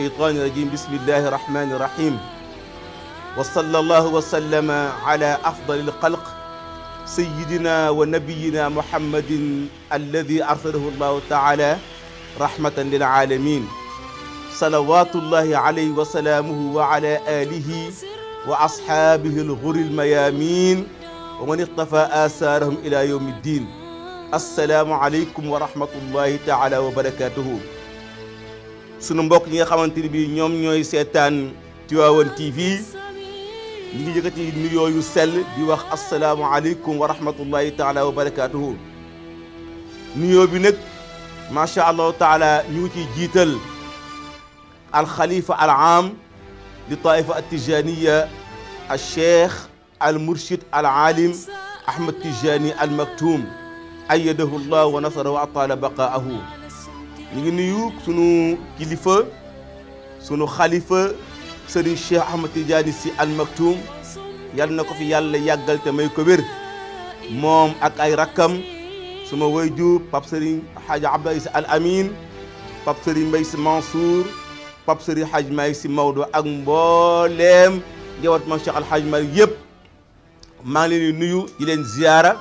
الشيطان الرجيم بسم الله الرحمن الرحيم وصلى الله وسلم على أفضل الخلق سيدنا ونبينا محمد الذي أرسله الله تعالى رحمة للعالمين صلوات الله عليه وسلامه وعلى آله وأصحابه الغر الميامين ومن اقتفى آثارهم إلى يوم الدين السلام عليكم ورحمة الله تعالى وبركاته sunu mbokk ñi nga xamanteni bi ñom ñoy ñooy seetaan Tivaouane TV ñi ngi jëkati nuyo yu sel di wax assalamu alaykum wa rahmatullahi taala wa barakatuh nuyo bi ma sha Allah taala ñu ci jital al khalifa al am li taifa at tijaniya al sheikh al murshid al alim ahmad tijani al maktum ayyadahu Allah wa nasara wa atala baqaahu ñu ngi nuyu sunu kilifa sunu xalifa sëriñ Cheikh Ahmad Tidiane Sy Al Maktoum yal na ko fi yàlla yàggal te may ko wér moom ak ay rakkam suma wayju Pape Serigne Hadj Abdoulaye Sy Al Amin Pape Serigne Mbaye Sy Mansour Pape Serigne Hadj Malick Sy Maodo ak mbooleem njabootu Maam Cheikh Al Hadj Malick yëpp maa ngi leen di nuyu di leen ziyaara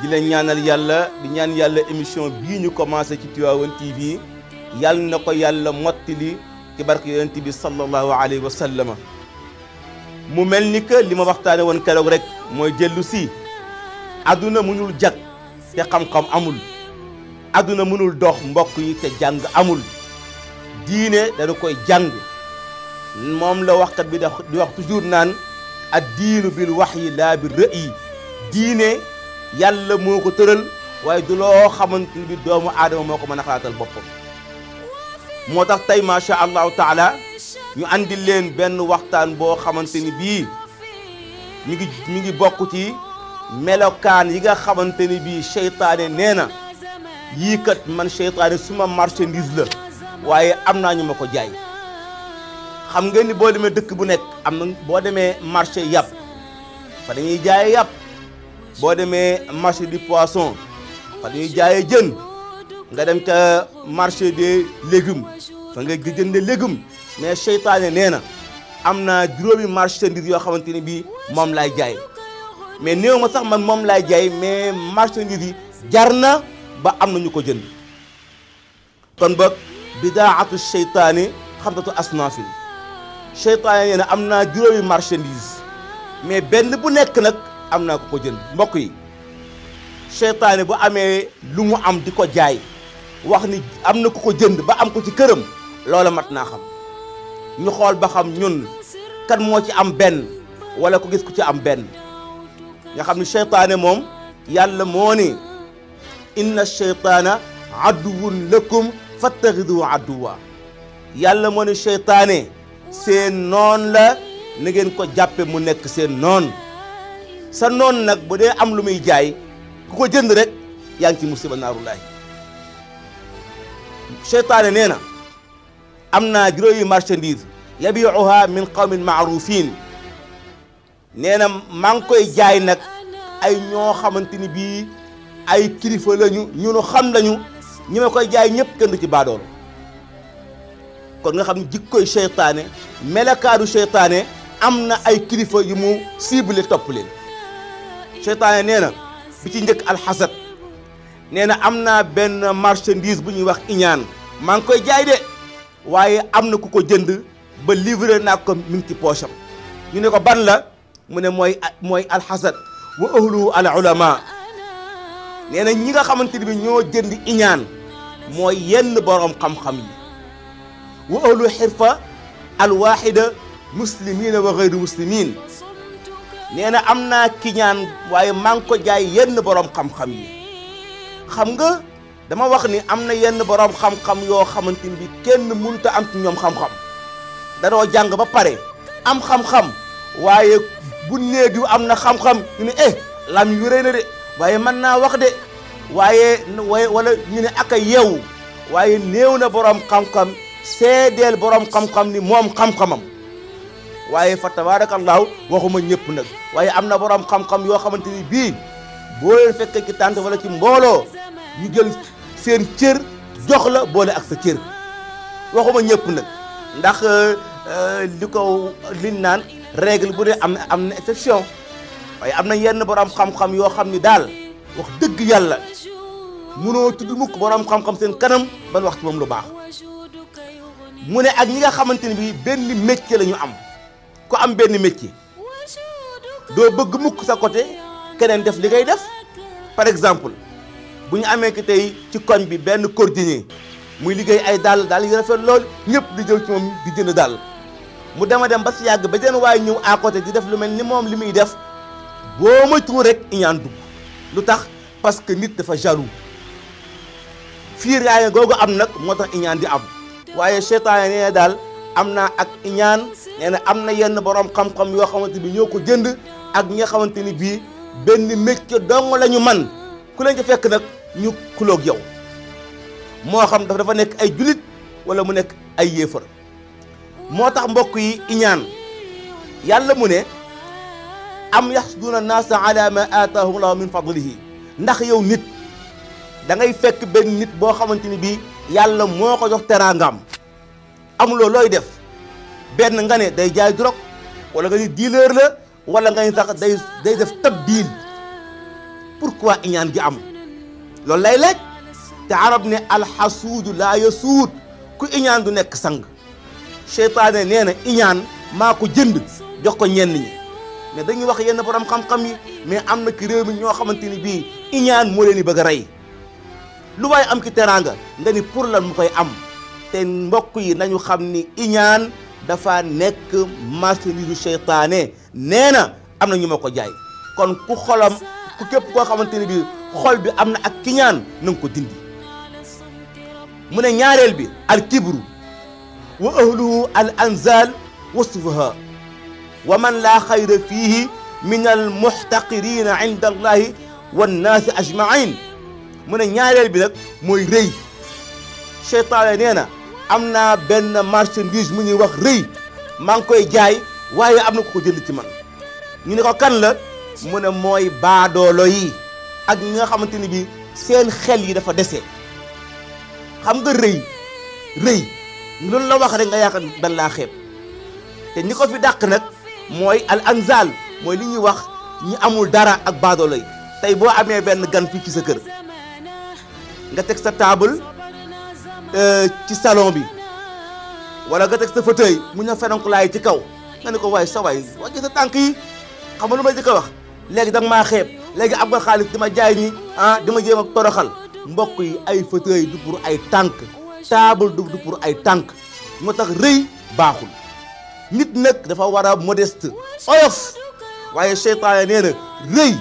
di la ñaanal yàlla di ñaan yàlla émission bii ñu commencé ci Tivaouane TV yàlla na ko yàlla mottali ci barke yonent bi sallallahu alayhi wa sallam mu mel ni que li ma waxtaane rek mooy dellu si àdduna mënul jag te xam-xam amul àdduna mënul dox mbokk yi te jàng amul diine dana koy jàng moom la waxkat bi di wax toujours naan ad diinu bil wax yi laa bi diine yàlla moko ko waye du lo xamanteni ni doomu adama moko meuna xalatal bopam motax tay ma sha allah taala ñu andil leen ben waxtaan bo xamanteni bi mi ngi mi ngi bokku ci melokan yi nga xamanteni bi shaytané seytaane yi kat man shaytané suma marchandise la waye amna ñu mako jaay xam ngeen ni bo démé dëkk bu nek amna bo démé marché yàpp fa dañuy jaay yàpp boo demee marché du poisson fa ñuy jaayee jën nga dem ca marché des légumes fa nga jëndee légumes mais seytaane nee na am na juróomi marchandise yoo xamante ni bii moom laay jaay mais néew ma sax man moom laay jaay mais marchandise yi jar na ba am na ñu ko jënd kon boog bidaatu seytaane xamtatu asnaafin seytaane nee na am naa juróomi marchandise mais benn bu nekk nag. amna ko ko jënd mbok yi sheytane bu amé lu mu am diko jaay wax ni amna ko ko jeund ba am ko ci kërëm loolu mat na xam ñu xol ba xam ñun kan mo ci am ben wala ko gis ku ci am ben nga xam ni sheytane mom yàlla mo ni inna ash-shaytana aduwun lakum fattaxidu aduwa yàlla mo ni sheytane seen non la na ngeen ko jàppe mu nekk seen non sa noon nag bu dee am lu muy jaay ku ko jënd rek yaa ngi ci musiba naarulaay seytaane nee na am naa juróomi marchandise yabiuha min qawmin maarufin nee na maa ngi koy jaay nag ay ñoo xamante ni bii ay kilifa lañu ñu xam lañu ñi ma koy jaay ñëpp kenn du ci baadool kon nga xam ne jikkoy seytaane melakaadu seytaane am na ay kilifa yu mu ciblé topp leen شيطان نينا بيتي نك الحسد نينا امنا بن مارشانديز بو ني واخ انيان مانكوي جاي دي واي امنا كوكو جند با ليفر ناكو مينتي بوشام ني نكو بان لا مون موي موي الحسد واهلو العلماء نينا نيغا خامتني بي ньо جند انيان موي يين بوروم خام خام واهلو حرفه الواحده مسلمين وغير مسلمين nee na am naa kiiñaan waaye maa ko jaay yenn boroom xam-xam yi xam nga dama wax ni am na yenn boroom xam-xam yoo xamante ni bi kenn mënta am ci ñoom xam-xam danoo jàng ba pare am xam-xam waaye bu néeg am na xam-xam ñu ne eh, lam yu rëy na de waaye mën naa wax de waaye wala ñu ne ak a yeewu waaye néew na boroom xam-xam seedeel boroom xam-xam ni moom xam-xamam waaye fa tabaarakallaahu waxuma ñëpp nag waaye am na boroom xam-xam yoo xamante ni bii boo leen fekkee ci tànt wala ci mbooloo ñu jël seen cër jox la boole ak sa cër waxuma ñëpp nag ndax euh, euh, li ko liñ naan règle bu ne am na am na exception waaye am na yenn borom xam-xam yoo xam ni daal wax dëgg yàlla mënoo tudd mukk borom xam-xam seen kanam ban wax moom lu baax mu ne ak ñi nga xamante ni bii benn métier la ñu am. ku am benn métier doo bëgg mukk sa côté keneen def li ngay def par exemple bu ñu amee ki tey ci koñ bi benn cordonnier muy liggéey ay dàll dàll yi rafet lool ñëpp di jëw ci moom di jënd dàll mu dema dem ba si yàgg ba jën waaye ñëw à côté di def lu mel ni moom li muy def boo moytuwul rek iñaan dugg lu tax parce que nit dafa jaloux fiir yaa googu am nag moo tax iñaan di am waaye seytaane nee daal amna ak ñaan neena amna yenn borom xam-xam yo xamanteni bi ñoo jënd ak ñi xamanteni bi ni bii benn métier dong la man ku leen ci fekk nak ñu kulok yow mo xam dafa dafa nek ay julit wala mu nek ay yéefar motax mbokk yi iñaan yàlla mu ne am yahsuduna naasa ala ma atahum allah min fadlihi ndax yow nit da ngay fekk benn nit bo xamanteni bi yàlla moko jox terangam amuloo looy def benn nga ne day jaay drogue wala nga ne dealer la wala nga ne sax day day def tabdiil pourquoi iñaan gi am loolu lay laaj te arab ne alxasuudu laa yasuud ku iñaan du nekk sang seytaane nee na iñaan maa ko jënd jox ko ñenn ñi mais dañuy wax yenn borom xam-xam yi mais am na ki réew mi ñoo xamante ni bii iñaan moo leen di bëgg a rey lu waaye am ci teraanga nga ni pour lan mu koy am te mbokk yi nañu xam ni iñaan dafa nekk marchandise seytaane nee na am na ñu ma ko jaay kon ku xolam ku képp koo xamanteni bi xol bi am na ak kiñaan na nga ko dindi mu ne ñaareel bi al kibru wa ahluhu al anzal wa wa man laa xayra fiihi min al muxtaqirina inda allahi wannaasi ajmain mu ne ñaareel bi nag mooy rëy seytaane nee na am naa benn marchandise mu ñuy wax rëy maa ngi koy jaay waaye am na ko ko jënd ci man ñu ne ko kan la mu ne mooy baadoolo yi ak ñi nga xamante ni bi seen xel yi dafa dese xam nga rëy rëy loolu la wax rek nga yaakaar dan laa xeeb te ñi ko fi dàq nag mooy al anzal mooy li ñuy wax ñi amul dara ak baadoolo yi tey boo amee benn gan fii ci sa kër nga teg sa table Euh, ci salon bi wala nga teg sa fauteuil mu ñëw ferenkulaay ci kaw nga ne ko waay sa waay wàññi sa tànk yi xam ma lu ma jëkk a wax léegi danga maa xeeb léegi am ga xaalis dima jaay ñi ah dima jéem a toroxal mbokk yi ay fauteuil ay tànk table du ay tànk moo tax rëy baaxul nit nag dafa war a modeste oyof waaye seytaane nee rëy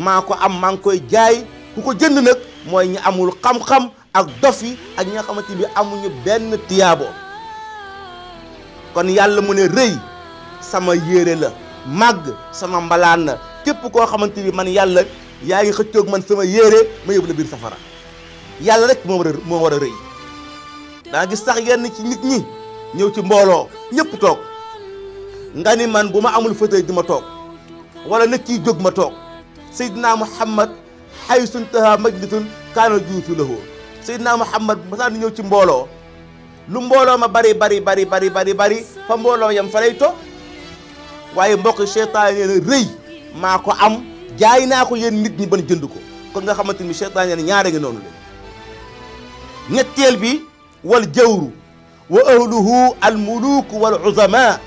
maa ko am maa ngi koy jaay ku ko jënd nag mooy ñu amul xam-xam ak dofi ak ñi nga xamante amuñu ben tiyabo kon yàlla mu ne reuy sama yére la mag sama mbalaan kep ko koo xamante man yàlla yaa xëccok man sama yére ma yobul bir safara yàlla rek mo wara mo wara reuy da gis sax yenn ci nit ñi ñëw ci mbolo ñëpp tok ngani man buma amul fauteuil dima tok wala nit kiy jóg ma tok Seydina Muhammad haythu taha majlisun kanu juutu lahu Seydina Muhammad mosaan di ñëw ci mbooloo lu mbooloo ma bari bari bari bari bari bari fa mbooloo yam fa lay to waaye mbokk seytaan nee na rëy maa ko am jaay naa ko yéen nit ñi ban jënd ko kon nga xamante ni seytaan nee na ñaare nga noonu la ñetteel bi wal jawru wa ahluhu al muluk wal uzama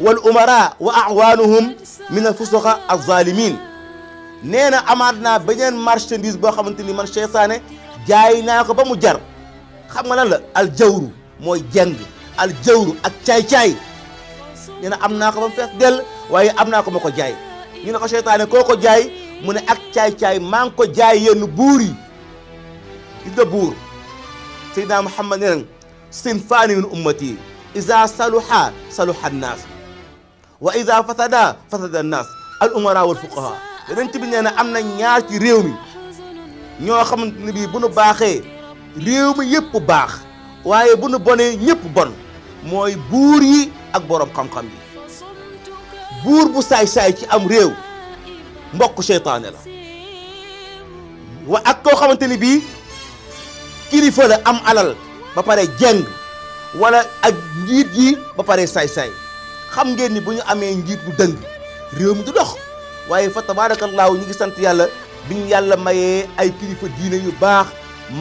wal umara wa awanuhum min al fusuqa al zalimin nee na amaat naa beneen marchandise boo xamante ni man seytaane jaay naa ko ba mu jar xam nga lan la aljawru mooy jeng aljawru ak caay-caay nee am naa ko ba mu fees dell waaye am naa ko ma ko jaay ñu ne ko seytaane koo ko jaay mu ne ak caay-caay maa ko jaay yenn buur yi gis nga buur seydina muhammad ne ren sinfaani min ummati ida saluha saluha annaas wa ida fasada fasada annaas al umara wal fuqaha yonent bi nee am na ñaar ci réew mi ñoo xamante ne bii bu nu baaxee réew mi yëpp baax waaye bu nu bonee ñëpp bon mooy buur yi ak boroom xam-xam yi buur bu saay-saay ci am réew mbokk seytaane la ak koo xamante ni bii kilifa la am alal ba pare jeng wala ak njiit yi ba pare saay-saay xam ngeen ni bu ñu amee njiit bu dëng réew mi du dox waaye fa tabaarakallaahu ñu ngi sant yàlla bi ñu yàlla mayee ay kilifa diine yu baax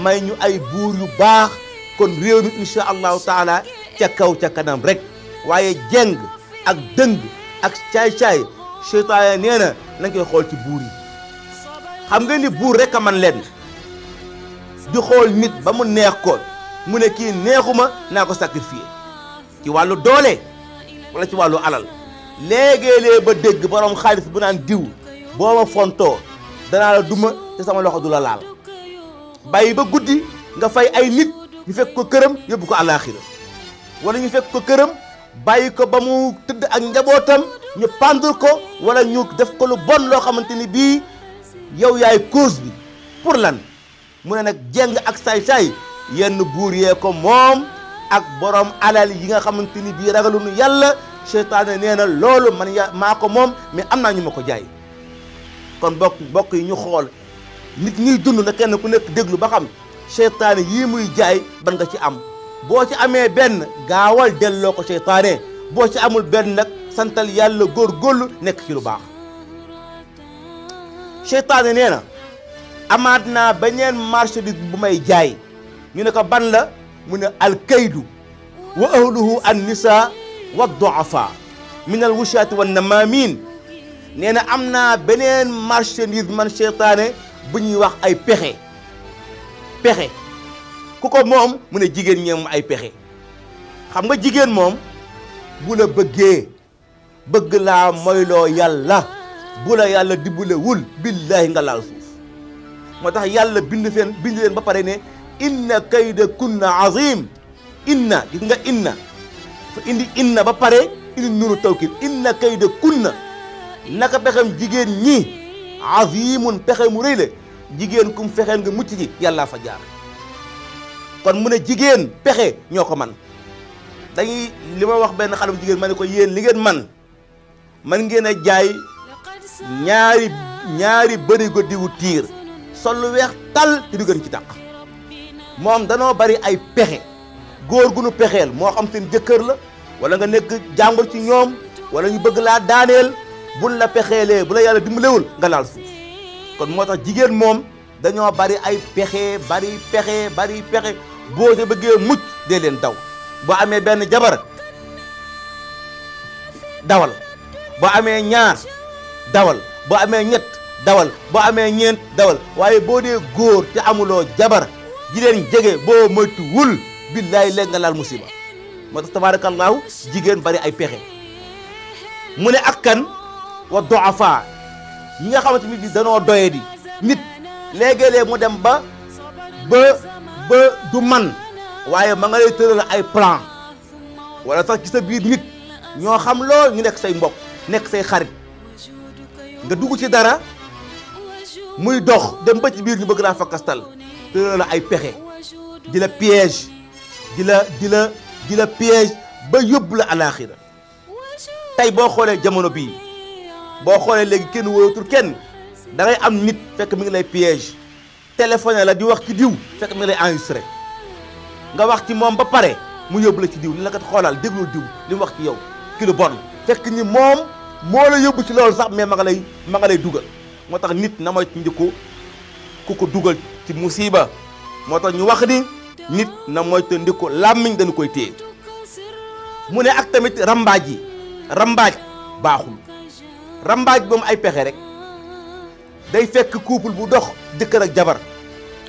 may ñu ay buur yu baax kon réew mi incha allahu taala ca kaw ca kanam rek waaye jeng ak dëng ak caay-caay seytaane nee na nañ koy xool ci buur yi xam nga ni buur rek a man leen di xool nit ba mu neex ko mu ne kii neexuma naa ko sacrifier ci wàllu doole walla ci wàllu alal léegi-léeg ba dégg borom xaalis bu naan diw boo ma fontoo danaa la duma te sama loxo du la laal bàyyi ba guddi nga fay ay nit ñu fekk ko këram yóbbu ko àllaaxira wala ñu fekk ko këram bàyyi ko ba mu tëdd ak njabootam ñu pendre ko walla ñu def ko lu bon loo xamante ni bii yow yaay cause bi pour lan mu ne nag jeng ak saay-saay yenn buur yee ko moom ak borom alal yi nga xamante ni bii ragaluñu yàlla seytaane nee na loolu man yaa maa ko moom mais am naa ñu ma ko jaay kon bok bok yi ñu xol nit ñi dund na kenn ku nekk déglu ba xam seytaane yi muy jaay ban nga ci am bo ci amé ben gaawal delloo ko seytaane bo ci amul ben nak santal yàlla gor gol nekk ci lu baax seytaane neena amadna amaat marché beneen bu may jaay ñu ne ko ban la mu ne al kaydu wa ahluhu an nisa wa duafa min al wushaati wan namamin nee na am naa beneen marchandise man seytaane bu ñuy wax ay pexe pexe ku ko moom mu ne jigéen ñeem ay pexe xam nga jigéen moom bu la bëggee bëgg laa moyloo yàlla bu la yàlla dimbalewul billaahi nga laal suuf moo yàlla bind seen bind leen ba pare ne inna kayda kunna azim inna gis nga inna fa indi inna ba pare indi nuru tawkid inna kayda kunna naka pexem jigéen ñi azimun pexe mu rëy la jigéen kum fexeel nga mucc ji yàllaa fa jaar kon mu ne jigéen pexe ñoo ko man dañuy li ma wax benn xale bu jigéen ma ne ko yéen li ngeen man man ngeen a jaay ñaari ñaari bërigo diwu tiir sol weex tal te du ci tàq moom danoo bari ay pexe góor gu nu pexeel moo xam seen jëkkër la wala nga nekk jàmbur ci ñoom wala ñu bëgg laa daaneel buñ la pexeelee bu la yàlla dimbalewul nga laal suuf kon moo tax jigéen moom dañoo bari ay pexe bari pexe bari pexe boo sa bëggee mucc dee leen daw boo amee benn jabar dawal boo amee ñaar dawal boo amee ñett dawal boo amee ñeent dawal waaye boo dee góor te amuloo jabar ji leen jege boo moytuwul billaay léeg nga laal musiba moo tax tabaarakallaahu jigéen bari ay pexe mu ne ak wa doafa ñi nga xamante ni bi danoo doye di nit léegi-léeg mu dem ba ba du man waaye ma nga lay tëral ay plan wala sax ci sa biir nit ñoo xam lool ñu nekk say mbokk nekk say xarit nga dugg ci dara muy dox dem ba ci biir ñu bëgg naa fakastal tëral la ay pexe di la piège di la di la di la piège ba yóbbu la alaaxira tey boo xoolee jamono bii boo xoolee léegi kenn wóoratul kenn dangay am nit fekk mi ngi lay piège téléphoné la di wax ci diw fekk mi ngi lay enregistré nga wax ci moom ba pare mu yóbbu la ci diw ni la xoolaal xoolal déglu diw li mu wax ci yow ki lu bon fekk ni moom moo la yóbbu ci loolu sax mais ma nga lay ma lay dugal moo tax nit na moytu njëkku ku ko dugal ci musiba moo tax ñu wax ni nit na moytu ndiko làmmiñ dañu koy téye mu ne ak tamit rambaaj yi rambaaj baaxul rambaaj ba ay pexe rek day fekk couple bu dox jëkkër ak jabar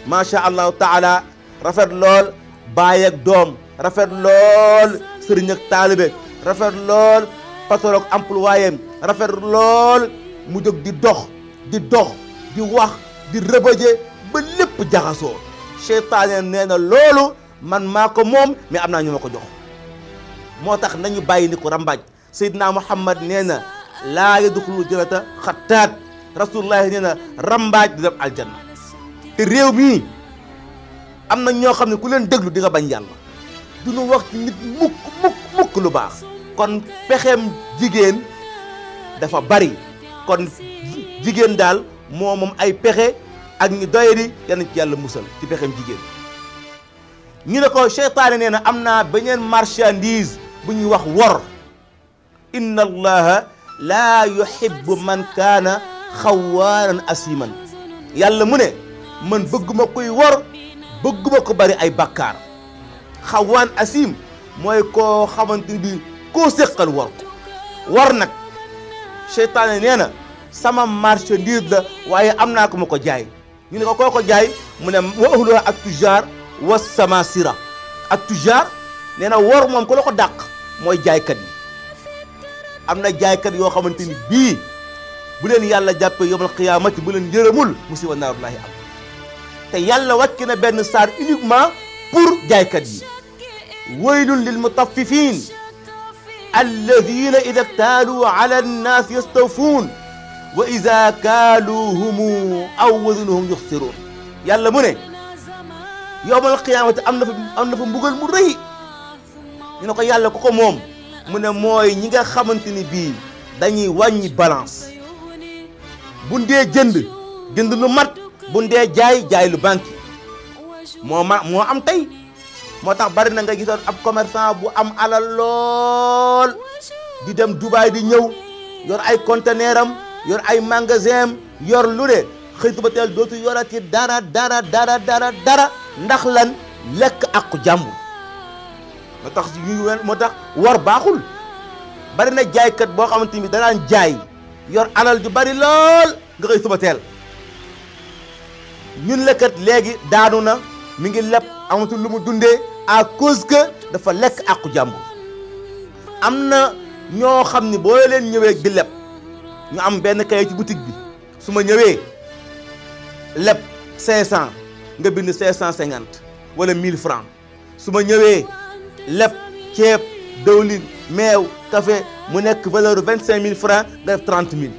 macha allahu taala rafet lool baay doom rafet lool sëriñ ak rafet lool patron ak employéem rafet lool mu jóg di dox di dox di wax di rëbëje ba lépp jaxasoo seytaane nee na loolu man maa ko moom mais am naa ñu ma ko jox moo tax nañu bàyyi ni ko rambaaj Seydina Muhammad nee na laa yadxulu jannata xattaat rasulullahi nee na rambaaj du dem aljanna te réew mii am na ñoo xam ne ku leen déglu di bañ yàlla du ñu wax ci nit mukk mukk mukk lu baax kon pexem jigéen dafa bari kon jigéen daal moo moom ay pexe ak ñu doy yal nañ ci yàlla musal ci pexeem jigéen ñu ne ko seytaane nee na am naa beneen marchandise bu ñuy wax wor inna لا يحب من كان خوانا اسيما يالا موني من بغما كوي وور بغما كو باري اي بكار خوان اسيم موي كو خامتني دي كو سيخال وور وور نك شيطان نينا سما مارش نيد لا واي امنا كو مكو جاي ني نكو كوكو جاي موني واهلو اك تجار والسماسره التجار تجار نينا وور موم كو لوكو داك موي جاي كات amna jaay kat yo xamanteni bi bu len yàlla jappé yomal qiyamati bu len yërëmul musiba naaru allah am te yàlla wakina ben sar uniquement pour kat yi waylun lil mutaffifin alladina ida ktaaluu ala annaas yastawfuun wa ida kaaluuhum aw wazanuhum yuxsiruun yàlla mu ne yomal xiyaamati fa am fa mbugal mu ñu ko yàlla ko ko mu ne mooy ñi nga xamante ni bii dañuy wàññi balance bu dee jënd jënd lu mat bu dee jaay jaay lu banque moo ma moo am tey moo tax bari na nga gisoon ab commerçant bu am alal lool di dem Dubaay di ñëw yor ay conteneur am yor ay magasin yor lu de xëy suba teel dootu yorati dara dara dara dara dara ndax lan lekk akku jàmbur moo tax moo tax war baaxul bari na jaaykat boo xamante ni danaan jaay yor alal ju bari lool nga koy suba teel ñun lekkat léegi daanu na mi ngi leb amatul lu mu dundee à cause que dafa lekk àqu jàmbur am na ñoo xam ni boo leen ñëwee di leb ñu am benn kayit ci boutique bi su ma ñëwee leb 500 nga bind 550 wala 1000 francs su ma ñëwee. Lep, ceeb dëwlin Mew, café mu valeur vingt mille francs def trente mille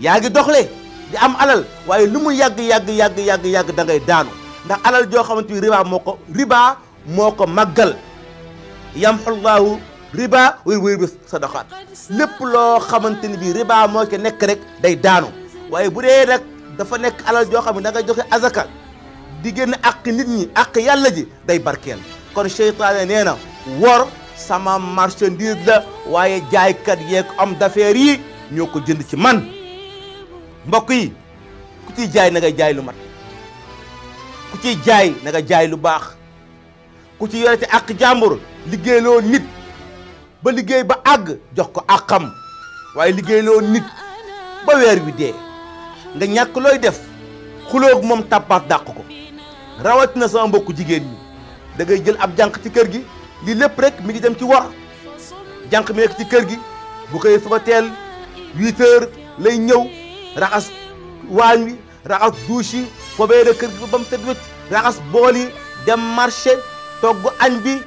yaa ngi di am alal waaye lu mu yàgg yàgg yàgg da ngay daanu ndax alal joo xamante riba moo riba moo ko màggal riba wér wér bi lépp loo xamante bi riba moo ko rek day daanu waaye bu dee dafa alal joo xam da di kon seytaane nee na wor sama marchandise la waaye jaaykat yeeg homme d'affaires yi ñoo ko jënd ci man mbokk yi ku ciy jaay na nga jaay lu mat ku ciy jaay na jaay lu baax ku ci yore ci àq jàmbur liggéeyloo nit ba liggéey ba àgg jox ko àqam waaye liggéey liggéeyloo nit ba weer wi dee nga ñàkk looy def xuloog moom tàppaat dàq ko rawatina sama mbokku jigéen ñi da ngay jël ab jànq ci kër gi lii lépp rek mi ngi dem ci wor jànq mi ci kër gi bu xëyee suba teel huit lay ñëw raxas waañ wi raxas douche yi kër gi ba mu set wecc raxas bool yi dem marché togg añ bi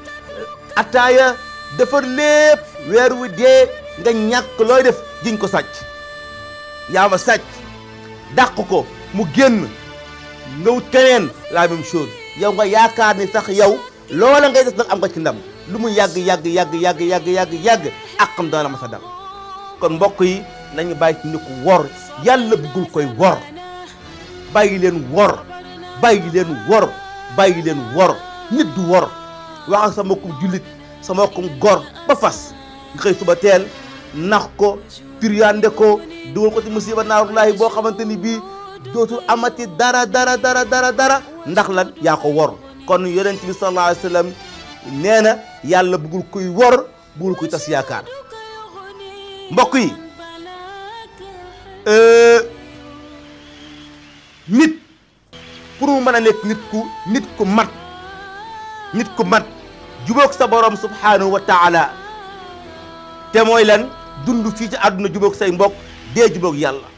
ataaya defar lépp weer wi dee nga ñàkk looy def jiñ ko sàcc yaa ma sàcc dàq ko mu génn nga wut keneen la même chose yow nga yaakaar ni sax yow loola ngay def nag am nga ci lu mu yàgg yàgg yàgg yàgg yàgg yàgg yàgg àqam dana ma sa dal kon mbokk yi nañu bàyyi ci ko wor yàlla bëggul koy wor bàyyi leen wor bàyyi leen wor bàyyi leen wor nit sama wor wax ak sa mbokkum jullit sa mbokkum gor ba fas xëy suba teel nax ko turiyaande ko dugal ko ci musiba naarullaahi boo xamante ni bii dootul amati dara dara dara dara dara ndax lan yaa ko wor kon yonent bi sallallahu alayhi wa sallam nee na yàlla bëggul kuy wor bëggul kuy tas yaakaar mbokk yi euh, nit pour mu mën a nekk nit ku nit ku mat nit ku mat jubóog sa borom subhanahu wa taala te mooy lan dund fii ci àdduna jubóog say mbokk dee jubóog yàlla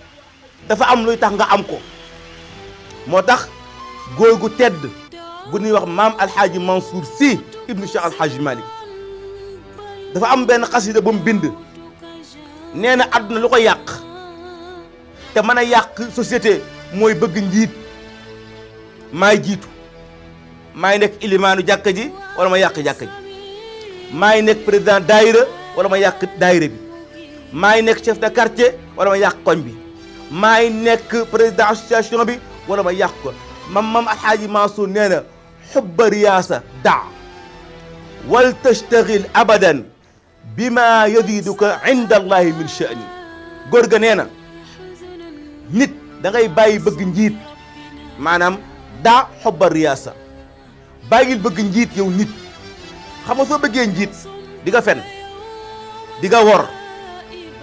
dafa am luy tax nga am ko motax tax gu tedd gu ni wax maam alxaaji Mansour si ibnu Cheikh alxaaji malik dafa am ben qasida bu bind neena aduna àdduna lu ko yàq te mana yak société moy beug njit may jitu may nek ilimanu jakaji wala ma yak jakaji may nek président daire wala ma yak daire bi may nek chef de quartier wala ma yak koñ bi maay nekk président association bi wala ma yàq ko mam mam alxaaji Mansour nee na xubba riyaasa da wal tashtaxil abadan bima yadiduka inda allahi min sha'ni góor ga nee na nit da ngay bàyyi bëgg njiit maanaam daa xubba riyaasa bàyyil bëgg njiit yow nit xam nga soo bëggee njiit di nga fen di nga wor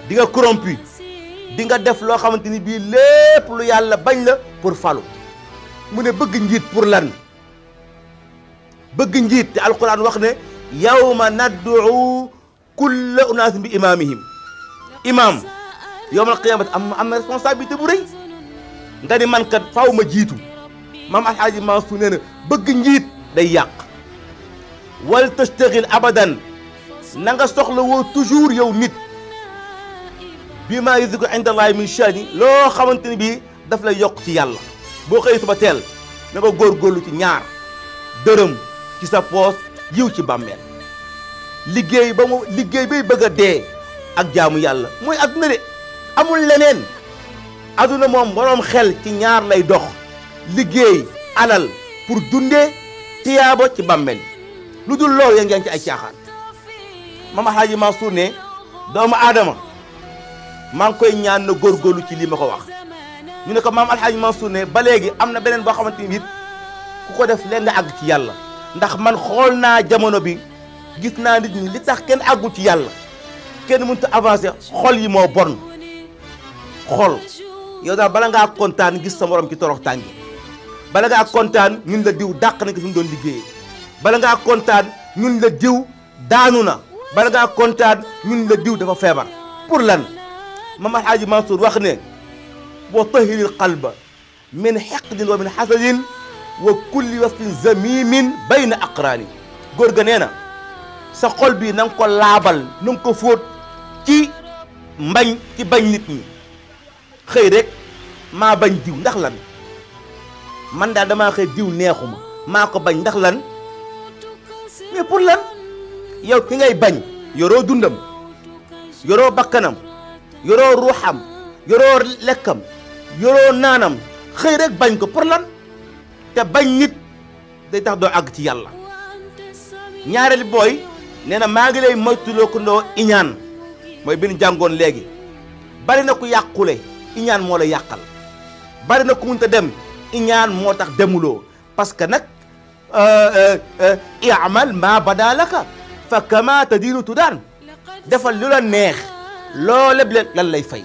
di nga corrompu di nga def loo xamante ni bii lépp lu yàlla bañ la pour falu mu ne bëgg njiit pour lan bëgg njiit te alquran wax ne yawma nad'u kulla unaasin bi imaamihim imaam yawmal qiyaamati am am na responsabilité bu nga ni man kat faaw ma jiitu maam alxaaji Mansour nee bëgg njiit day yàq wal tastaxil abadan na soxla woo toujours yow nit bii maa yuziku indallahi min shani loo xamante ni bii daf lay yokk ci yàlla boo xëyee suba teel na góor góorlu ci ñaar dërëm ci sa poos yiw ci bàmmeel liggéey ba mu liggéey bay bëgg a dee ak jaamu yàlla mooy adduna de amul leneen adduna moom boroom xel ci ñaar lay dox liggéey alal pour dundee tiyaabo ci bàmmeel lu dul loolu ya ngeen ci ay caaxaan mama Hadji Mansour ne doomu aadama maa ngi koy ñaan na lu ci lii ma ko wax ñu ne ko maam alxaaji Mansour ne ba léegi am na beneen boo xamante ni ku ko def léegi nga àgg ci yàlla ndax man xool naa jamono bi gis naa nit ñi li tax kenn àggul ci yàlla kenn mun a avancé xool yi moo bon xool yoo daal bala ngaa kontaan gis sa morom ci torox tàngi bala ngaa kontaan ñun la diw dàq na ko fi doon liggéeyee bala ngaa kontaan ñun la diw daanu na bala ngaa kontaan ñun la diw dafa feebar pour lan ماما حاجي منصور واخني وطهر القلب من حقد ومن حسد وكل وصف زميم بين اقراني غورغنينا سا قلبي نانكو لابال نانكو فوت تي مبان تي بان نيت ني ما بان ديو ندخ لان مان دا دا ما ديو نيهوما ماكو بان ندخ لان مي بور لان ياو كي غاي بان يورو دوندم يورو بكانم يرو روحم يرو لكم يرو نانم خيرك بانكو برلان تا بان نيت داي تاخ دو اك تي يالا نياارل بوي نينا ماغي لاي ميتو لوكو لو انيان موي بين جانغون ليغي بارينا كو ياكولي انيان مولا ياكال بارينا كو مونتا ديم انيان موتاخ ديمولو باسكو نك آه، آه، آه، اعمل ما بدا لك فكما تدين تدان دفل لولا نيخ loo lépp lan lay fay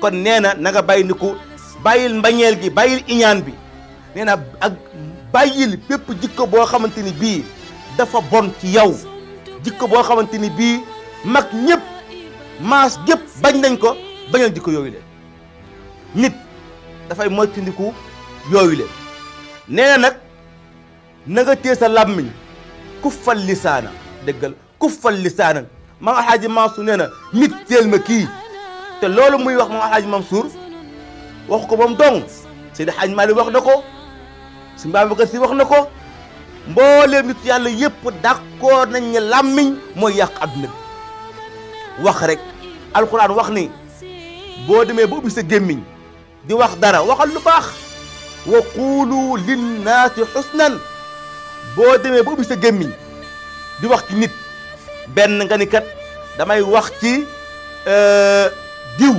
kon nee na na nga bàyyi ni ku bàyyil mbañeel gi bàyyil iñaan bi nee ak bàyyil bépp jikko boo xamante ni bii dafa bon ci yow jikko boo xamante ni bii mag ñépp maas gépp bañ lañ ko bañal jikko yooyu leen nit dafay moytandiku yooyu leen nee nag na nga sa làmmiñ ku fal lisaana déggal ku lisaana ما حاجي مانسور نينا نيت ديل ما كي تا ما حاجي مانسور واخ دون سيد حاج مالي واخ نكو سي بام بكسي واخ نكو مبولم نيت يالا ييب داكور نان ني لامين موي ياك ادنا واخ رك القران واخ ني بو ديمي بو بيسا گيمين دي واخ دارا واخال لو وقولوا للناس حسنا بو ديمي بو بيسا گيمين دي واخ نيت ben nga ni kat damay wax ci euh, diw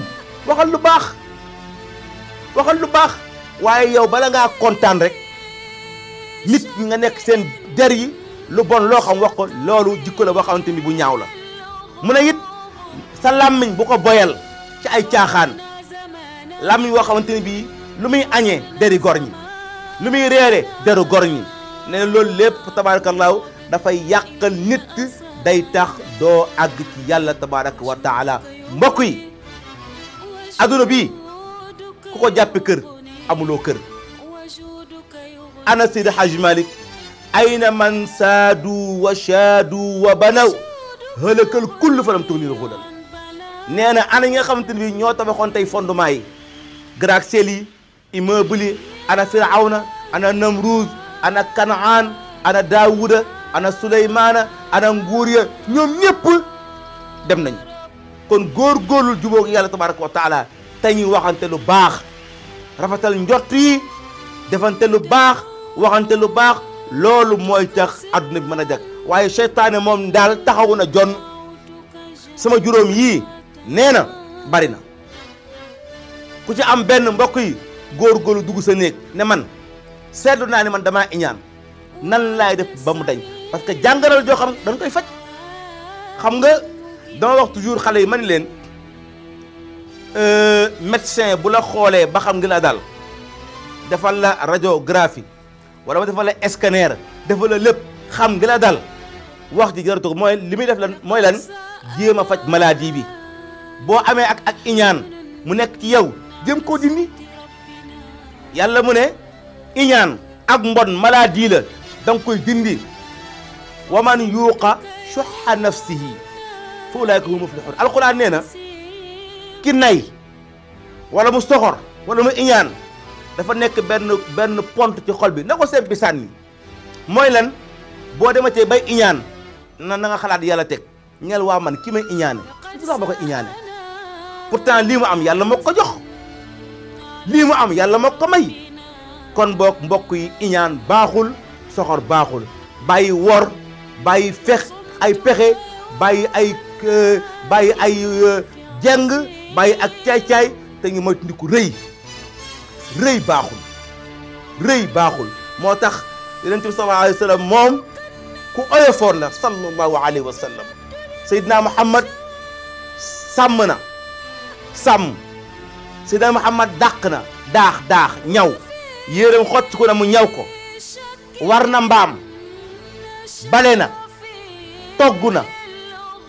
waxal lu bax waxal lu bax waye yow bala nga contane rek nit ñi nga nek sen der yi lu bon lo xam wax ko lolu jikko la boo xamante ni bu ñaaw la mu ne sa làmmiñ bu ko boyal ci ay caaxaan làmmiñ boo xamante ni lu muy agné deri gorñi lu muy réere deru gorñi ñi lolu lepp tabarakallah da fay yakal nit day tax do ag ci yàlla tabarak wa taala mbokuy aduna bi kuko ko jàppe kër amuloo kër ana seydi haj malik ayna man sadu wa shadu wa banaw halakal kul falam tugni ruxudal nee neena ana nga xamanteni ne bi ñoo tabaxoon tay fondement yi grak seli immeuble ana firawna ana namrud ana kanaan ana daawuda ana sulaymana ana nguur ya ñoom dem nañ kon jubo ak yalla tabaraka wa taala tay ñuy waxante lu baax rafatal njott yi defante lu baax waxante lu baax loolu mooy tax aduna bi mëna a waaye seytaane moom daal taxawu na jon sama juróom yii nee na bari na ku ci am benn mbokk yi dugg sa néeg ne man seetlu naa ni man damaa iñaan nan laay def ba dañ parce que jàngaral joo xam ne dañ koy faj xam nga dama wax toujours xale yi ma ni leen euh, médecin bu la xoolee ba xam ngi la daal defal la radiographie wala ma defal la scanner defal la lépp xam ngi la daal wax ji jaratu ko mooy li muy def lan mooy lan jéem a faj maladie bi boo amee ak ak iñaan mu nekk ci yow jéem koo dindi yàlla mu ne iñaan ak mbon maladie la da nga koy dindi wa man yuuqa shuxa nafsihi fa ulaayka hum muflixuun alquran nee na ki nay wala mu soxor wala mu iñaan dafa nekk benn benn pont ci xol bi na ko seeb bi sànni mooy lan boo dematee bay iñaan na na xalaat yàlla teg ñel waa man ki may iñaane su sax ma ko iñaane pourtant lii mu am yàlla moo ko jox lii mu am yàlla moo ko may kon boog mbokk yi iñaan baaxul soxor baaxul bàyyi wor bàyyi fex ay pexe bàyyi ay euh, bàyyi ay euh, jeng bàyyi ak caay-caay te ñu moytandiku rëy baaxul rëy baaxul moo tax yonent bi sallallahu alayhi wa sallam moom ku oyofoon la sallallahu alayhi wa sallam Seydina Muhammad sàmm na sàmm Seydina Muhammad dàq na daax daax ñaw yéeram xott ko na mu ñaw ko war na mbaam bale na togg na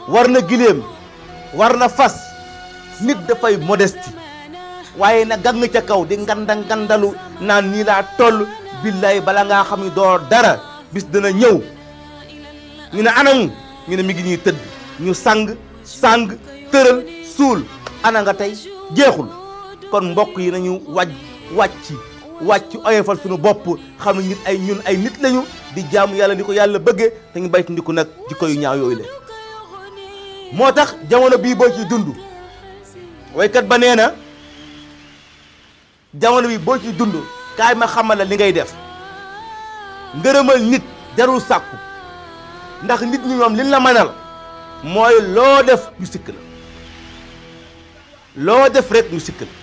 war na giléem war na fas nit dafay modeste waaye na gàng ca kaw di nganda ngandalu naan nii laa toll billaay bala ngaa xam ni doo dara bis dana ñëw ñu ne anamu ñu ne mi ngi ñuy tëdd ñu sang sang tëral suul ana nga tey jeexul kon mbokk yi nañu wàj wàcc wàcc oyofal suñu bopp xam ne nit ay ñun ay nit lañu di jaamu yàlla ni ko yàlla bëggee te ñu baytu ndiku nag jikko yu ñaaw yooyu la moo tax jamono bii boo ciy dund waykat ba nee na jamono bi boo ciy dund kaay ma xamal la li ngay def ngërëmal nit jarul sàkku ndax nit ñi ñoom liñ la mënal mooy loo def ñu sikk la loo def rek ñu sikk la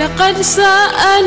لقد سألت